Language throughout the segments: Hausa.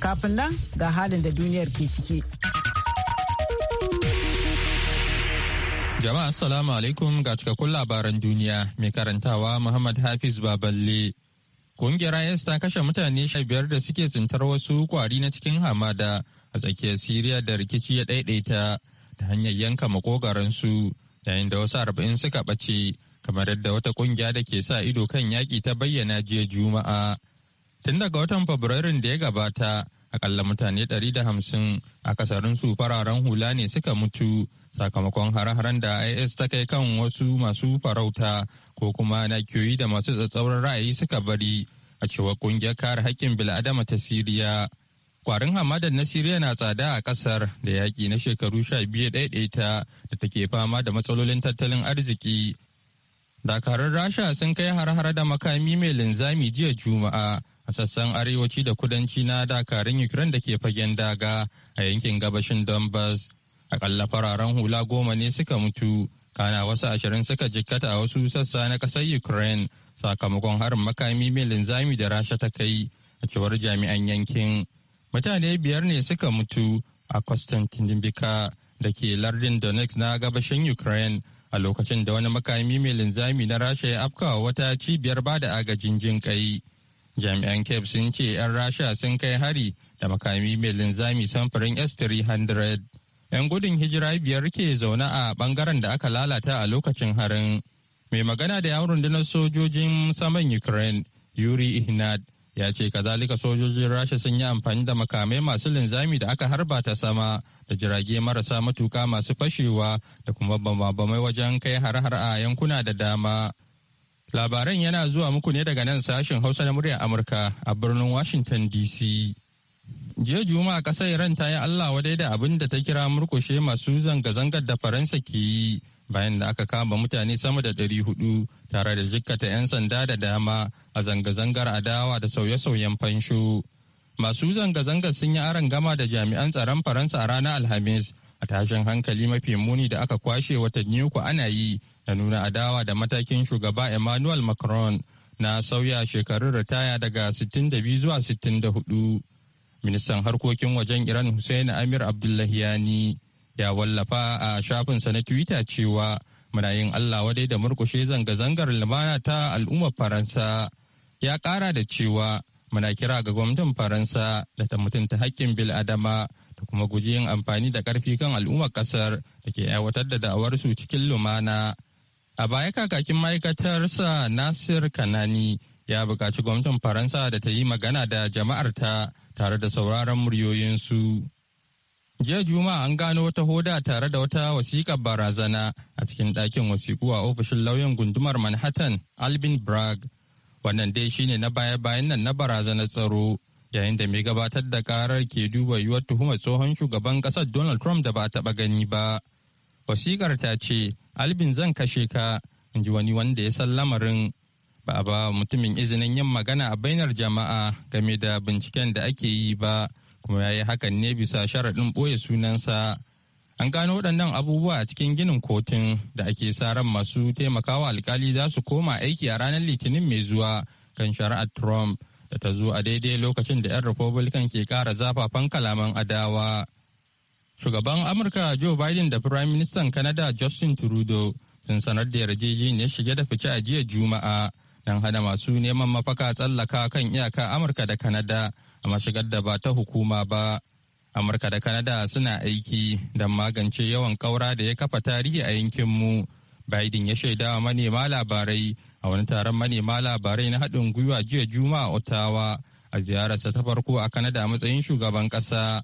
Kafin nan ga halin da duniyar ke ciki. Jama'a Assalamu alaikum ga cikakkun labaran duniya mai karantawa Muhammad Hafiz Baballe. Kungiyar IS ta kashe mutane sha biyar da suke tsintar wasu kwari na cikin hamada a tsakiyar Siriya da rikici ya ɗaiɗaita ta hanyar yanka makogaransu yayin da wasu arba'in suka ɓace kamar yadda wata kungiya da ke sa ido kan yaƙi ta bayyana jiya Juma'a. Tun daga watan Fabrairun da ya gabata, akalla mutane 150 akasarin su fararen hula ne suka mutu sakamakon hare-haren da IS ta kai kan wasu masu farauta ko kuma nakiyoyi da masu tsatsauran ra'ayi suka bari a cewa ƙungiyar kare haƙƙin bil'adama ta Siriya. Kwarin hamadar na Siriya na tsada a ƙasar da yaƙi na shekaru sha biyu ta da take fama da matsalolin tattalin arziki. Dakarun Rasha sun kai har har da makami mai linzami jiya Juma'a a sassan arewaci da kudanci na dakarun Ukraine da ke fagen daga a yankin gabashin Donbass. Akalla fararen hula goma ne suka mutu, kana wasu ashirin suka jikkata a wasu sassa na kasar Ukraine sakamakon harin makami mai linzami da Rasha ta kai a cewar jami'an yankin. Mutane biyar ne suka mutu a Konstantinivka da ke lardin Donetsk na gabashin Ukraine a lokacin da wani makami mai linzami na Rasha ya afkawa wata cibiyar bada agajin jin kai. jami'an cape sun ce 'yan rasha sun kai hari da makami mai linzami samfurin s-300 'yan gudun hijira biyar ke zaune a bangaren da aka lalata a lokacin harin mai magana da yawon rundunar sojojin saman ukraine yuri ihnad ya ce kazalika sojojin rasha sun yi amfani da makamai masu linzami da aka harba ta sama da jirage marasa matuka masu fashewa da kuma bambamai wajen kai har-har a yankuna da dama Labaran yana zuwa muku ne daga nan sashen Hausa na muryar Amurka a birnin Washington DC. Jiya Juma'a ƙasar Iran ta yi Allah wadai da abin da ta kira murkushe masu zanga-zangar da Faransa ke yi bayan da aka kama mutane sama da ɗari hudu tare da jikkata 'yan sanda da dama a zanga-zangar adawa da sauye-sauyen fansho. Masu zanga-zangar sun yi aron gama da jami'an tsaron Faransa a ranar Alhamis a tashin hankali mafi muni da aka kwashe watanni uku ana yi da nuna adawa da matakin shugaba Emmanuel Macron na sauya shekarun ritaya daga 62 zuwa 64. Ministan harkokin wajen Iran Hussein Amir Abdullahiyani ya wallafa a shafinsa na Twitter cewa muna yin Allah wadai da murkushe zanga-zangar lumana ta al'ummar Faransa. Ya ƙara da cewa muna kira ga gwamnatin Faransa da ta mutunta haƙƙin bil'adama da kuma guji yin amfani da ƙarfi kan al'ummar ƙasar da ke aiwatar da da'awarsu cikin lumana. A baya kakakin ma'aikatarsa Nasir Kanani ya buƙaci gwamnatin Faransa da ta yi magana da jama'arta tare da sauraron muryoyinsu. Jiya Juma'a an gano wata hoda tare da wata wasiƙa barazana a cikin ɗakin wasiƙu a ofishin lauyan gundumar Manhattan Albin Bragg. Wannan dai shine na baya-bayan nan na barazanar tsaro yayin da mai gabatar da karar ke duba yiwuwar tuhumar tsohon shugaban ƙasar Donald Trump da ba a taɓa gani ba. Wasikar ta ce, Albin zan kashe ka, in ji wani wanda ya san lamarin. Ba a ba mutumin izinin yin magana a bainar jama'a game da binciken da ake yi ba, kuma ya yi hakan ne bisa sharaɗin ɓoye sunansa. An gano waɗannan abubuwa a cikin ginin kotun da ake sa ran masu taimakawa alkali za su koma aiki a ranar Litinin mai zuwa kan shari'ar Trump da ta zo a daidai lokacin da 'yan Republican ke ƙara zafafan kalaman adawa. Shugaban Amurka Joe Biden da Prime Minister Canada Justin Trudeau sun sanar da yarjejeniyar shige da fice a jiya Juma'a don hana masu neman mafaka tsallaka kan iyaka Amurka da Canada a mashigar da ba ta hukuma ba. Amurka da Canada suna aiki don magance yawan kaura da ya kafa tarihi a yankinmu. Biden ya shaida manema labarai a wani taron manema labarai na haɗin gwiwa jiya Juma'a Ottawa a ziyararsa ta farko a Canada a matsayin shugaban ƙasa.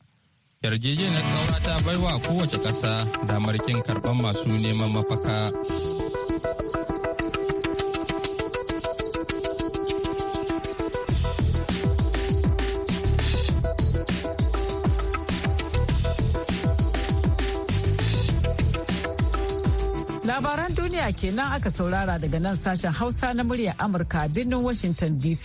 yarjejeniyar tsaura ta baiwa kowace ƙasa da markin karɓar masu neman mafaka labaran duniya kenan aka saurara daga nan sashen hausa na murya amurka birnin washington dc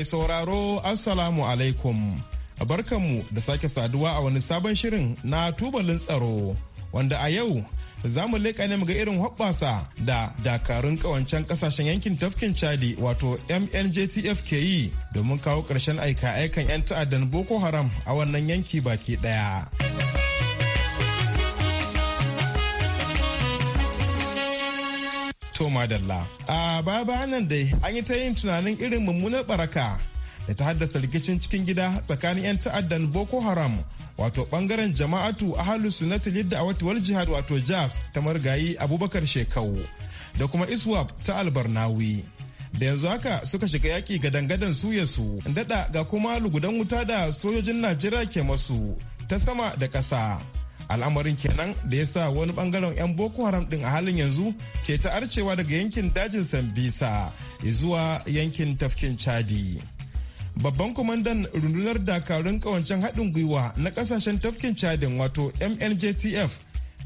Mai sauraro Assalamu alaikum. Barkanmu da sake saduwa a wani sabon shirin na tubalin tsaro wanda a yau za mu leƙa ne ga irin hoɓɓasa da dakarun ƙawancen ƙasashen yankin tafkin chadi wato mnjtf ke yi domin kawo ƙarshen aika aikan 'yan ta'addan boko haram a wannan yanki baki ɗaya. To dalla A baya nan dai an yi ta yin tunanin irin mummunar baraka da ta haddasa rikicin cikin gida tsakanin 'yan ta'addan Boko Haram wato bangaren jama'atu a halin sunnatul yadda a watuwar jihar wato jas ta margayi Abubakar Shekau da kuma Iswap ta Albarnawi. da yanzu haka suka shiga yaki dangadan suya su daɗa ga kuma lugudan wuta da sojojin najeriya ke masu ta sama da ƙasa al'amarin kenan da ya sa wani bangaren 'yan boko haram din a halin yanzu ke ta arcewa daga yankin dajin sambisa zuwa yankin tafkin chadi babban kwamandan rundunar dakarun kawancen haɗin gwiwa na ƙasashen tafkin chadin wato mnjtf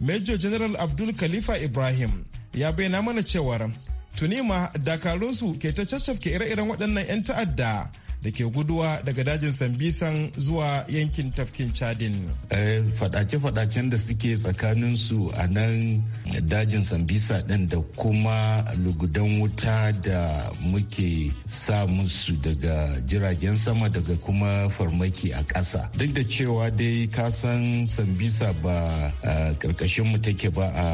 major general abdul khalifa ibrahim ya bayyana mana cewar tuni ma dakarunsu ke ta caccafke ire-iren waɗannan 'yan ta'adda da ke guduwa daga dajin Sambisan zuwa yankin tafkin Chadin. Eh, Fadace-fadacen da suke tsakanin su a nan dajin Sambisa din da kuma lugudan wuta da muke sa musu daga jiragen sama daga kuma farmaki a ƙasa. Duk da cewa dai kasan Sambisa ba karkashin mu take ba a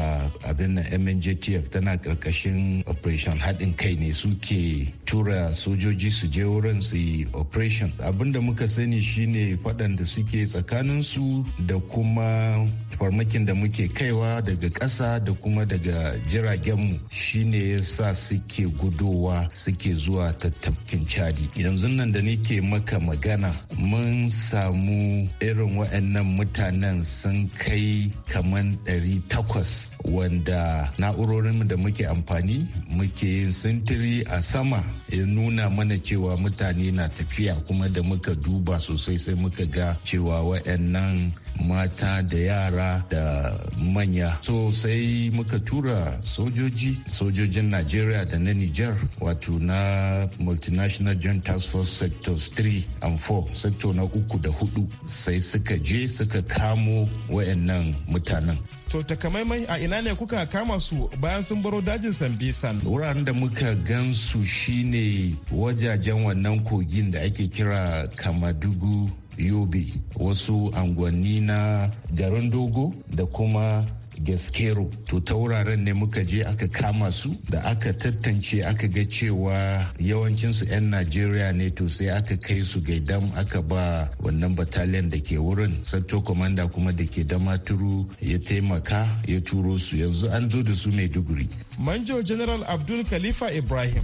abin na MNJTF tana ƙarƙashin Operation haɗin kai ne suke tura sojoji su je wurin su yi operation abinda muka sani shine faɗan da suke tsakaninsu da kuma farmakin da muke kaiwa daga ƙasa da kuma daga jiragenmu shine ya sa suke gudowa suke zuwa ta tafkin chadi yanzu nan da nake maka magana mun samu irin waɗannan mutanen sun kai kaman 800 wanda na'urorin da muke amfani muke yin sintiri a sama ya nuna mana cewa mutane na tafiya kuma da muka duba sosai sai muka ga cewa waɗannan mata da yara da manya so sai muka tura sojoji sojojin najeriya da na niger wato na multinational joint task force sectors 3 and 4 sector na uku da hudu sai suka je suka kamo wayannan mutanen to takamaimai a ina ne kuka kama su bayan sun baro dajin sambisan wuraren da muka gan su shine wajajen wannan kogin da ake kira kamadugu yobe wasu angwanni na garin dogo da kuma gaskero to ta wuraren ne muka je aka kama su da aka tattance aka ga cewa yawancinsu 'yan najeriya ne to sai aka kai su gaidam aka ba wannan battalion da ke wurin sato commander kuma da ke damaturu ya taimaka ya turo su yanzu an zo da su maiduguri manjo general abdul khalifa ibrahim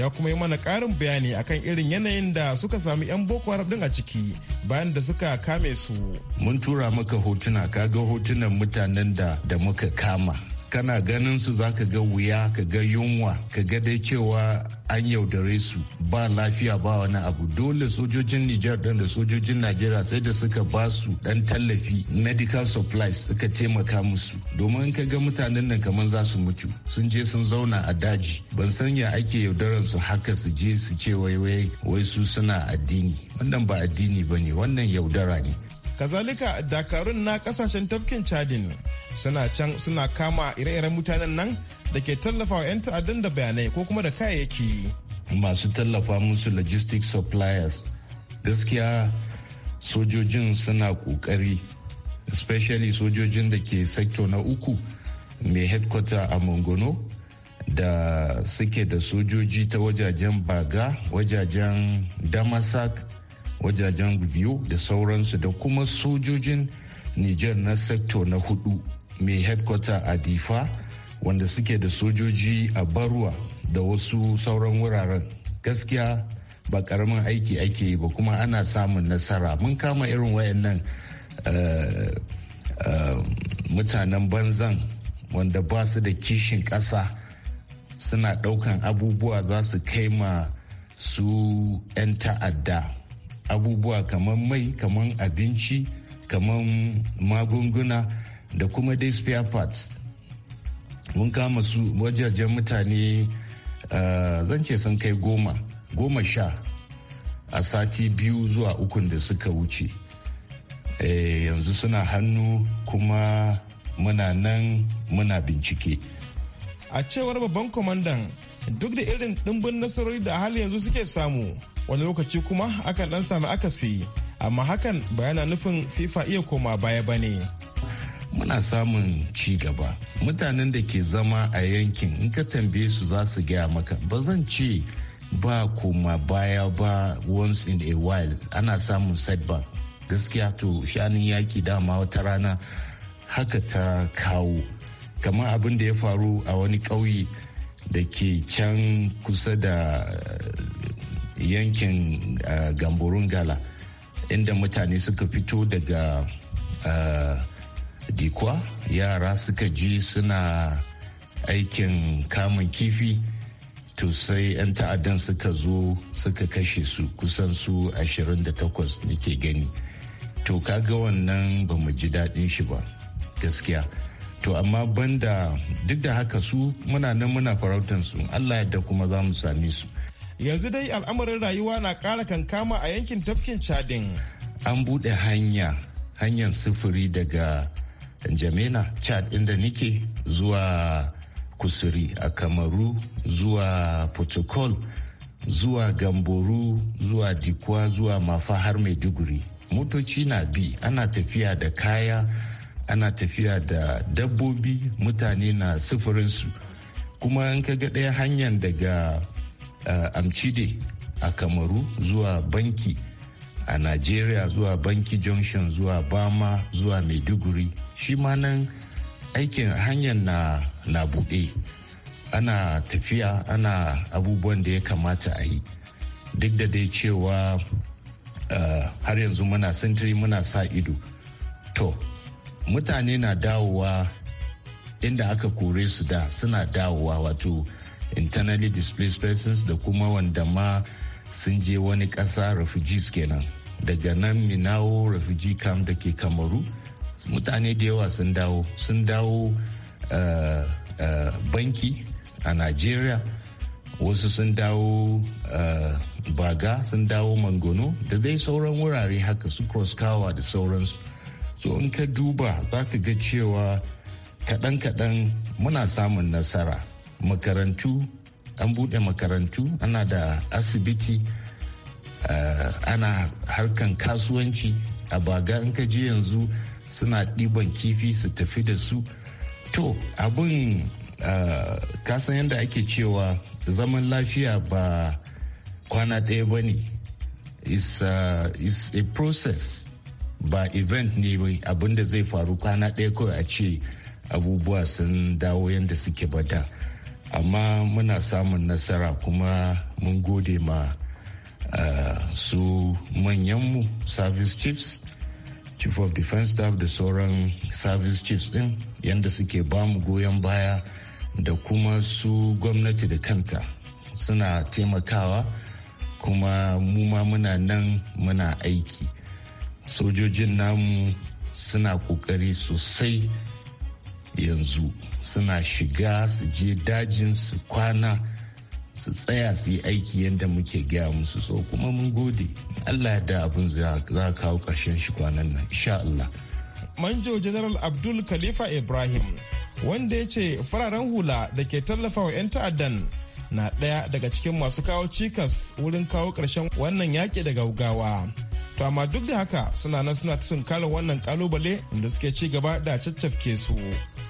ya kuma yi mana ƙarin bayani akan irin yanayin da suka sami 'yan boko haram a ciki bayan da suka kame su mun tura maka hotuna kaga hotunan mutanen da da muka kama kana ganin su za ka ga wuya ka ga yunwa ka ga dai cewa an yaudare su ba lafiya ba wani abu dole sojojin Nijar ɗin da sojojin Najeriya sai da suka ba su ɗan tallafi medical supplies suka taimaka musu domin ka ga mutanen nan kamar za su mutu sun je sun zauna a daji ban san ya ake yaudaran su haka su je su ce wai wai su suna addini wannan ba addini ba ne wannan yaudara ne kazalika dakarun na kasashen tafkin chadin suna can suna kama ire-iren mutanen nan da ke tallafawa 'yan ta'addan da bayanai ko kuma da kayayyaki masu tallafa musu logistic suppliers gaskiya sojojin suna kokari especially sojojin da ke sector na uku mai headquarter a mongono da suke da sojoji ta wajajen baga wajajen damasak wajajen biyu da sauransu da kuma sojojin niger na sekto na hudu mai headquarter a difa wanda suke da sojoji a barwa da wasu sauran wuraren gaskiya ba karamin aiki ake yi ba kuma ana samun nasara mun kama irin wayannan eh, eh, mutanen banzan wanda ba su da kishin ƙasa suna ɗaukan abubuwa za su kai ma su 'yan ta'adda abubuwa kamar mai kamar abinci kamar magunguna da kuma dai spare parts mun kama su wajajen mutane eh, zan ce sun kai goma goma sha a sati biyu zuwa ukun da suka wuce eh, yanzu suna hannu kuma muna nan muna bincike a cewar babban kwamandan duk da irin ɗimbin nasarori da hali yanzu suke samu wani lokaci kuma akan ɗan sami akasi amma hakan ba yana nufin fifa iya koma baya ba ne muna samun ci gaba mutanen da ke zama a yankin in ka tambaye su za su gaya maka ba zan ce ba koma baya ba once in a while ana samun setback gaskiya to shanin yaki dama wata rana haka ta kawo kamar abin da ya faru a wani ƙauye da ke can kusa da eh, yankin eh, gamborun gala inda mutane suka fito daga eh, dikwa yara suka ji suna aikin kamun kifi to sai 'yan ta'addan suka zo suka kashe su kusan su 28 nake gani to kaga wannan ba mu ji daɗin shi ba gaskiya to amma banda duk da haka su muna nan muna farautan su allah yadda kuma za mu same su yanzu dai al'amarin rayuwa na ƙara kankama a yankin tafkin chadin an buɗe hanya hanyar sufuri daga jamena chad inda nike zuwa kusuri a kamaru zuwa protocol zuwa gamboru zuwa dikwa zuwa mafa har maiduguri motoci na bi ana tafiya da kaya ana tafiya da dabbobi mutane na sufurinsu kuma in ka ga ɗaya hanyar daga eh, amcide a kamaru zuwa banki a nigeria zuwa banki junction zuwa bama zuwa maiduguri shi ma nan aikin hanyar na, na buɗe ana tafiya ana abubuwan da ya kamata a yi duk da dai cewa uh, har yanzu muna sintiri muna sa ido to mutane na dawowa inda aka kore su da suna dawowa wato internally displaced persons da kuma wanda ma sun je wani ƙasa refugees kenan daga nan minawo refugee camp da ke kamaru mutane da yawa sun dawo sun dawo eh, eh, banki a nigeria wasu sun dawo uh, baga sun dawo mangono da dai sauran wurare haka su cross kawa da sauransu so in ka duba za ka ga cewa kaɗan-kaɗan muna samun nasara makarantu an buɗe makarantu ana da asibiti uh, ana harkan kasuwanci a baga in ka ji yanzu suna ɗiban kifi su tafi da su to abin uh, eh, kasan yadda ake cewa zaman lafiya ba kwana ɗaya ba ne is, eh, is a process ba event ne abin da zai faru kwana ɗaya kawai a ce abubuwa sun dawo yadda suke bada amma muna samun nasara kuma mun gode ma uh, su manyanmu service chiefs chief of defense staff da sauran service chiefs din yadda suke bamu goyon baya da kuma su gwamnati da kanta suna taimakawa kuma mu ma muna nan muna aiki sojojin namu suna kokari sosai yanzu suna shiga su je dajin su kwana su tsaya su yi aiki yadda muke gaya musu so kuma mun gode allah da abin za kawo karshen shi kwanan nan insha allah manjo general abdul khalifa ibrahim wanda ya ce fararen hula da ke tallafa wa 'yan ta'addan na ɗaya daga cikin masu kawo cikas wurin kawo ƙarshen wannan yaƙi da gaugawa to amma duk da haka suna nan suna ta tunkarar wannan kalubale inda suke ci gaba da caccafke su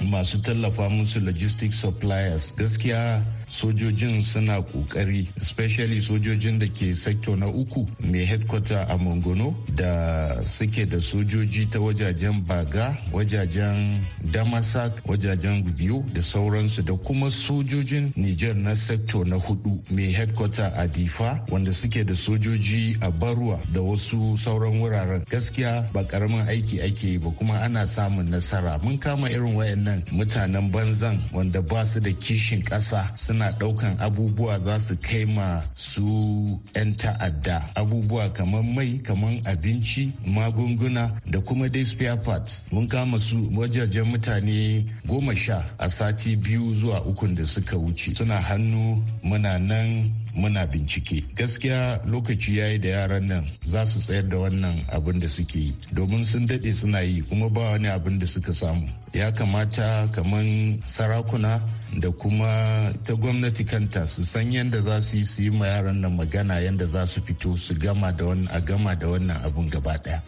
masu tallafa musu logistics suppliers gaskiya sojojin suna kokari especially sojojin da ke sekto na uku mai headquarter a mongono da suke da sojoji ta wajajen baga wajajen damasak wajajen gubiyo da sauransu da kuma sojojin niger na sekto na hudu mai headquarter a difa wanda suke da sojoji a barwa da wasu sauran wuraren gaskiya ba karamin aiki ake yi ba kuma ana samun nasara mun kama irin wayannan mutanen banzan wanda ba su da kishin ƙasa suna ana ɗaukan abubuwa za su kai ma su 'yan ta'adda abubuwa kamar mai kamar abinci magunguna da kuma dai spare parts mun kama su wajajen mutane goma sha a sati biyu zuwa ukun da suka wuce suna hannu muna nan muna bincike gaskiya lokaci ya yi da yaran nan za su tsayar da wannan abin da suke yi domin sun daɗe suna yi kuma ba wani abin da suka samu ya kamata kamar sarakuna da kuma ta gwamnati kanta su san yadda za su yi su yi ma yaran nan magana yadda za su fito su gama da wannan a gama da wannan abun gaba daya.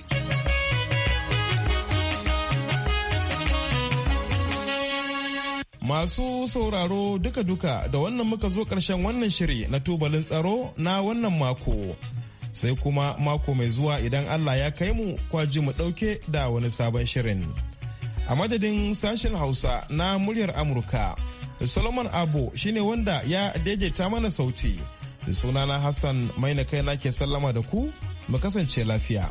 Masu sauraro duka-duka da wannan muka zo ƙarshen wannan shiri na tubalin tsaro na wannan mako. Sai kuma mako mai zuwa idan Allah ya kai mu kwaji mu ɗauke da wani sabon shirin. A madadin sashen Hausa na muryar Amurka. solomon abu shine wanda ya daidaita mana sauti sunana hassan maina kai ke sallama da ku mu kasance lafiya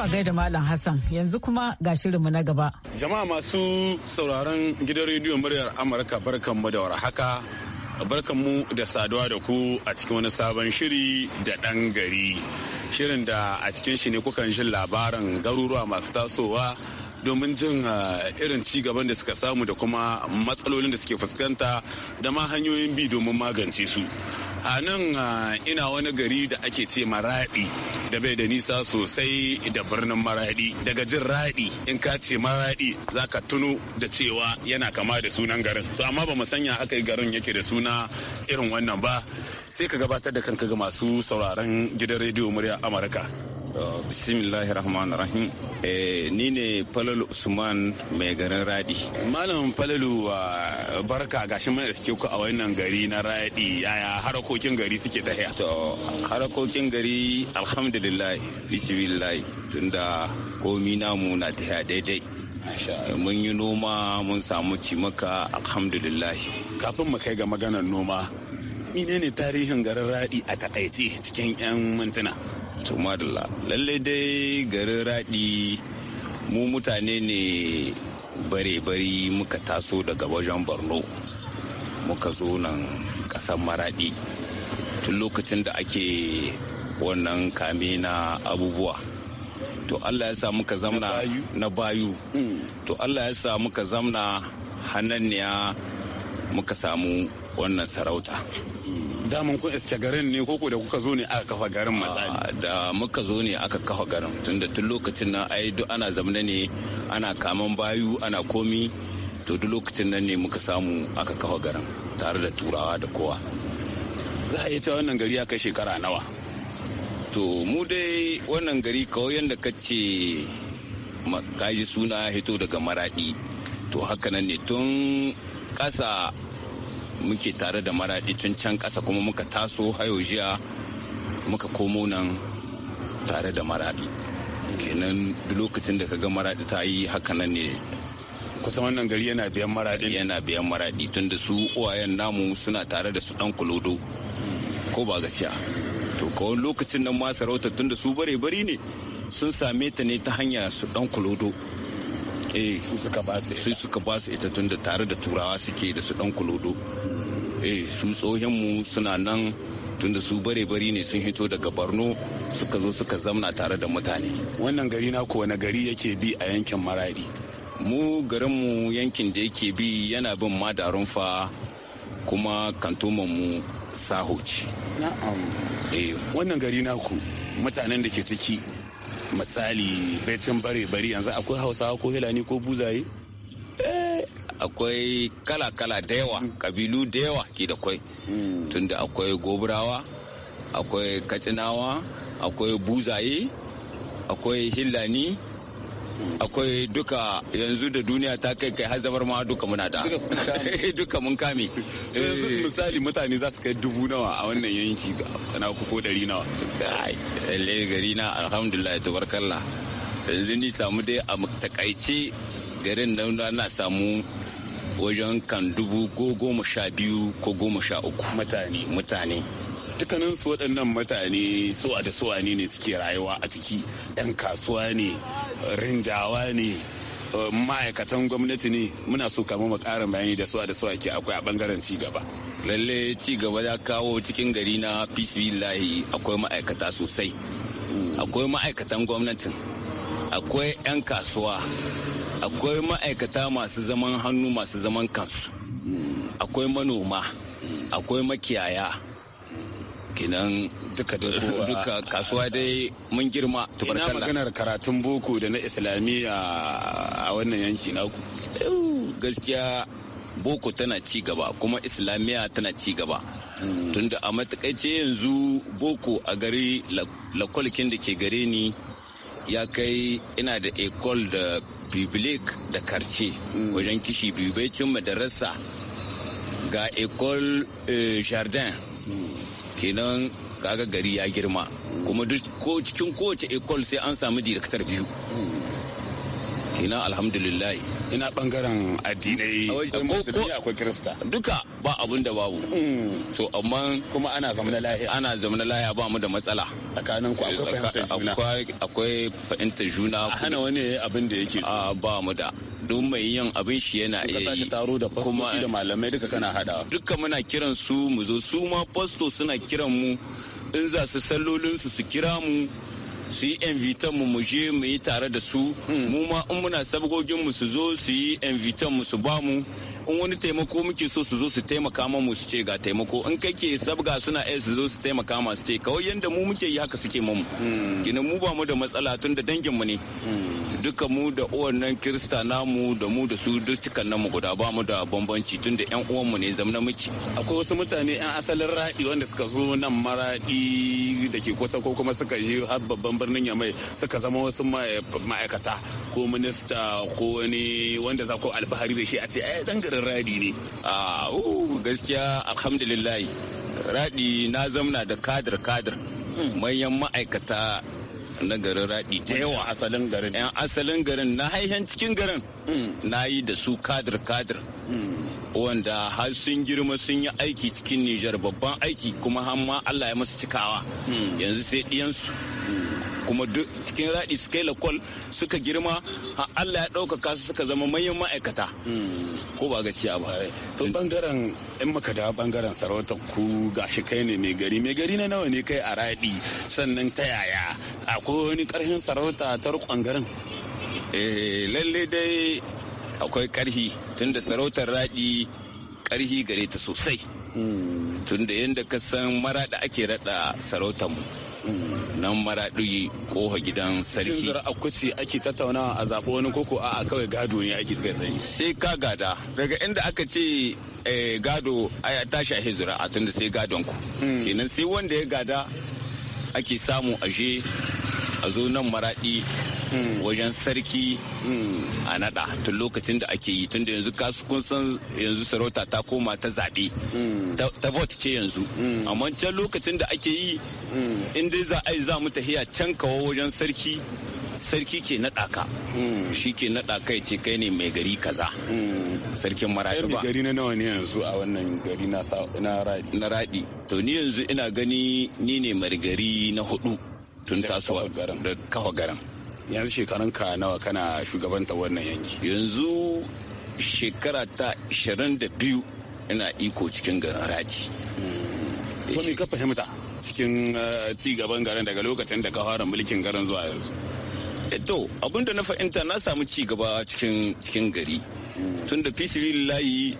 a gaida Malam Hassan yanzu kuma ga shirinmu na gaba. Jama'a masu sauraron gidan rediyon muryar Amurka barkanmu da warhaka. Barkanmu da saduwa da ku a cikin wani sabon shiri da ɗan gari. shirin da a cikin shi ne kukan jin labarin garuruwa masu tasowa domin jin ah, irin ci gaban da suka samu da kuma matsalolin da suke fuskanta da ma hanyoyin bi domin magance su a nan ah, ina wani gari da ake ce maraɗi da bai da nisa sosai da birnin maraɗi daga jin raɗi in ka ce maraɗi za ka tuno da cewa yana kama da sunan garin to amma ba sanya aka yi garin yake da suna irin wannan ba sai ka gabatar da kanka ga masu sauraron gidan rediyo murya amurka bismillahirrahmanirrahim rahmanir eh, rahim ni ne falalu usman mai garin radi malam falalu barka gashi mai iske ku a wannan gari na radi yaya harakokin gari suke tafiya to harakokin gari alhamdulillah bismillah tunda komi namu na tafiya daidai mun yi noma mun samu cimaka alhamdulillah kafin mu kai ga maganar noma menene tarihin garin radi a takaice cikin 'yan mintuna tumadula lallai dai garin raɗi mu mutane ne bare-bari muka taso daga wajen borno muka zo nan kasan maraɗi tun lokacin da ake wannan kame na abubuwa to allah ya sa muka zamna na bayu hmm. to allah ya sa muka zamna hananniya muka samu wannan sarauta daman kun iske garin ne koko da kuka zo ne aka kafa garin misali ah, da muka zo ne aka kafa garin tunda tun lokacin nan ai duk ana zamna ne ana kaman bayu ana komi to duk lokacin nan ne muka samu aka kafa garin tare da turawa da kowa za a yi ta wannan gari ya kai shekara nawa to mu dai wannan gari kawai yadda ka ce kaji suna hito daga maraɗi to haka nan ne tun ƙasa muke tare da maraɗi tun can ƙasa kuma muka taso hayo jiya muka komo nan tare da maraɗi kenan duk lokacin da kaga maraɗi ta yi haka nan ne kusan wannan gari yana biyan maraɗi yana biyan maraɗi tun da su uwayen namu suna tare da su ɗan kulodo ko ba gaskiya to kawai lokacin nan ma sarauta tun da su bare bari ne sun same ta ne ta hanya su ɗan kulodo Eh, su suka ba su su suka ba su ita tun da tare da turawa suke da su dan kulodo eh su tsohon mu suna nan tunda su bare bari ne sun hito daga borno suka zo suka zamna tare da mutane wannan gari na wani gari yake bi a yankin maradi mu garinmu yankin da yake bi yana bin madarun fa kuma kantomanmu sahoci na'am eh. wannan gari na ku mutanen da ke ciki misali baicin bare-bari yanzu akwai hausawa ko hilani ko buzaye eh, akwai kala-kala da yawa kabilu da yawa ke da kwai hmm. tunda akwai goburawa akwai kacinawa akwai buzaye akwai hillani akwai duka yanzu da duniya ta kai kai har zamar ma duka muna da duka mun kame eh. misali mutane za su kai dubu nawa a wannan yanki na ko dari nawa lalle gari na alhamdulillah tabarkalla yanzu ni samu dai a takaice garin nan na samu wajen kan dubu ko goma sha biyu ko goma sha uku mutane mutane dukkanin su waɗannan mutane suwa da suwa ne ne suke rayuwa a ciki 'yan kasuwa ne rinjawa ne eh, ma'aikatan gwamnati ne muna so kama mu karin bayani da suwa da suwa ke akwai a bangaren cigaba. lalle cigaba ya kawo cikin gari na bismillahi akwai ma'aikata sosai akwai ma'aikatan gwamnati akwai 'yan kasuwa akwai ma'aikata masu zaman hannu masu zaman kansu akwai manoma akwai makiyaya kenan duka duka kasuwa dai mun girma tubarkalla ina maganar karatun boko da na islamiyya a wannan yanki naku gaskiya boko tana ci gaba kuma islamiyya tana ci gaba hmm. tunda a matakaice yanzu boko a gari lakolikin da ke gare ni ya kai ina da ekol da biblik da karce wajen kishi biyu madarasa ga ekol eh, jardin kenan kaga gari ya girma kuma duk cikin kowace ecole sai an samu director biyu kenan alhamdulillah ina bangaren addinai akwai musulmi akwai duka ba abun da babu hmm. to amma kuma ana zamana lahiya ana zamana lahiya ba mu da matsala tsakanin ku akwai fahimtar juna akwai fahimtar juna hana wani abin da yake ba mu da don mai yin abin shi yana iya yi taro kuma da malamai duka kana hada duka muna kiran su mu zo su ma fasto suna kiran mu in za su sallolin su su kira mu su yi invitan mu mu je mu yi tare da su hmm. mu ma in muna sabgogin mu su zo su yi invitan mu su ba mu in wani taimako muke so su zo su taimaka mu su ce ga taimako in kai ke sabga suna iya su zo su taimaka ma su ce kawai yanda mu muke yi haka suke mamu hmm. kina mu ba mu da matsala tun da dangin mu ne hmm. duka mu da nan kirista namu da mu da su dukkan namu guda ba mu da bambanci tun da yan mu ne zamna muke akwai wasu mutane yan asalin raɗi wanda suka zo nan maraɗi da ke kusa ko kuma suka je har babban birnin mai suka zama wasu ma'aikata ko minista ko wani wanda za ko alfahari da shi a ce ai eh, dan bangaren radi ne a ah, uh, gaskiya alhamdulillah radi na zamna da kadir kadir manyan ma'aikata na garin raɗi da yawa asalin garin yan asalin garin na haihen cikin garin na yi da su kadir kadir wanda har sun girma sun yi aiki cikin nijar babban aiki kuma har ma allah ya masu cikawa hmm. yanzu sai ɗiyansu kuma duk cikin raɗi suka yi lakol suka girma Allah ya ɗaukaka su suka zama manyan ma'aikata ko ba a ba to bangaren in muka da bangaren sarauta ku gashi kai ne mai gari mai gari na nawa ne kai a raɗi sannan ta yaya akwai wani ƙarfin sarauta ta rukon garin eh lalle dai akwai ƙarhi tunda sarautar raɗi ƙarhi gare ta sosai hmm. tunda yadda ka san mara da ake raɗa sarautar mu hmm. nan maraɗi ko gidan sarki. Shin a kuce ake tattaunawa a zaɓo wani koko a kawai gado ne ake zai tsaye. Sai ka gada daga inda aka ce eh, gado a tashi a hijira a tunda sai gadon ku. Hmm. Kenan sai wanda ya gada ake samu aje a zo nan maraɗi Hmm. wajen sarki hmm. a nada tun lokacin da ake yi tun da yanzu kasu kun san yanzu sarauta ta koma ta zaɓe hmm. ta vote ce yanzu amma can lokacin da ake yi in dai za a yi za mu tahiya can kawo wajen sarki sarki ke naɗa ka shi ke naɗa ka ce kai ne mai gari kaza sarkin maradi ba gari na nawa ne yanzu a wannan gari na raɗi to ni yanzu ina gani ni ne mai gari na hudu tun tasowa da kafa garan yanzu shekarun ka nawa kana shugabanta wannan yanki yanzu shekara ta 22 ina iko cikin garin raji hmm. ko ka fahimta cikin eh, ci gaban garin daga lokacin da ka fara mulkin garin zuwa yanzu eh, to abinda na fahimta na samu ci gaba cikin cikin gari hmm. tun da fisilillahi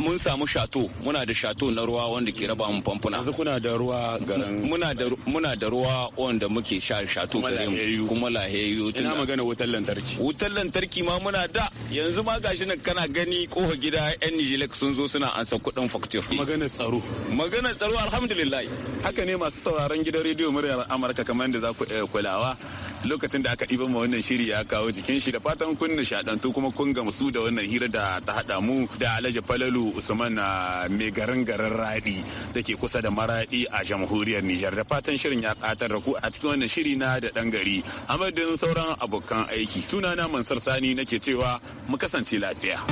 mun samu shato muna da shato na ruwa wanda ke raba mu famfuna yanzu kuna da ruwa garin muna da muna da ruwa wanda muke sha shato gare mu kuma laheyu ina magana wutar lantarki wutar lantarki ma muna da yanzu ma gashi nan kana gani kofa gida yan Nijilek sun zo suna ansa kuɗin facture magana tsaro magana tsaro alhamdulillah haka ne masu sauraron gidan rediyo muryar Amurka kamar yadda za ku kulawa lokacin da aka ɗiba ma wannan shiri ya kawo jikin shi da fatan kun nishaɗantu kuma kun gamsu da wannan hira da ta haɗa mu da Alhaji Falalu Usman na ah, mai garin garin Raɗi da ke kusa da Maraɗi a jamhuriyar Nijar da fatan shirin ya ƙatar da ku a cikin wannan shiri na da ɗan gari amadin sauran abokan aiki sunana Mansur Sani nake cewa mu kasance lafiya.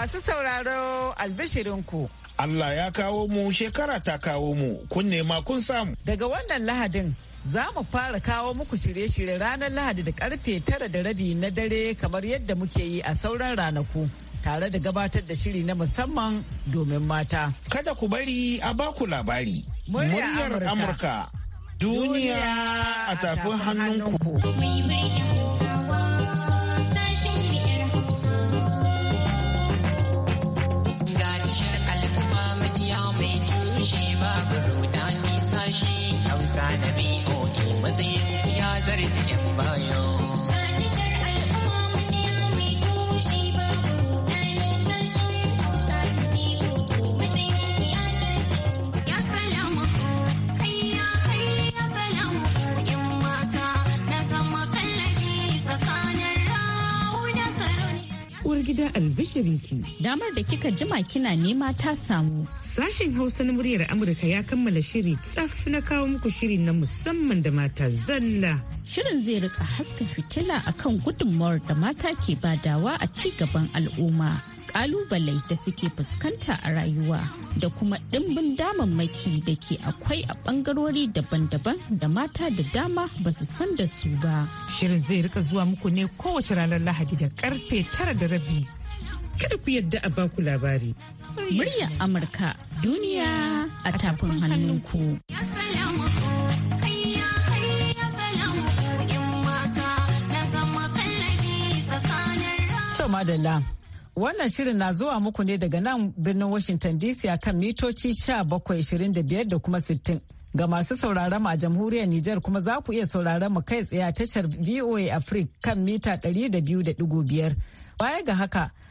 Masu sauraro albishirinku. Allah ya kawo mu shekara ta kawo mu kun nema kun samu. Daga wannan lahadin za mu fara kawo muku shirye-shirye ranar lahadi da karfe tara da rabi na dare kamar yadda muke yi a sauran ranaku. tare da gabatar da shiri na musamman domin mata. Kada ku bari a baku labari. Muryar Amurka. Duniya a tafin hannunku. shi hausa na boe matsayin ya zarji yan bayo albishirinki. Damar da kika jima kina nema ta samu. Sashen Hausa na muryar Amurka ya kammala shiri tsaf na kawo muku shiri na musamman da mata zalla. Shirin zai rika haska fitila a kan gudunmawar da mata ke badawa a ci gaban al'umma. kalubale da suke fuskanta a rayuwa da kuma ɗimbin damammaki da ke akwai a bangarori daban-daban da mata da dama ba su san da su ba. Shirin zai rika zuwa muku ne kowace ranar Lahadi da karfe tara da rabi kada ku yadda a baku labari. Murya Amurka duniya a tafin hannunku. madalla wannan shirin na zuwa muku ne daga nan birnin washington dc a kan mitoci 1725 da kuma 60 ga masu sauraron a jamhuriyar nijar kuma za ku iya sauraron mu kai tsaye tashar voa africa kan mita 200.5 baya ga haka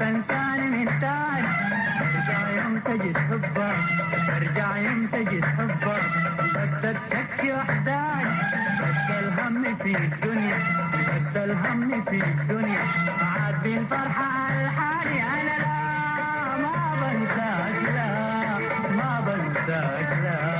فانسان انسان ارجع يوم تجد حبك ارجع يوم تجد حبك بدك تشكي وحدك الهم في الدنيا بدك الهم في الدنيا عاد بالفرحة على حالي انا لا ما بنساك لا ما بنساك لا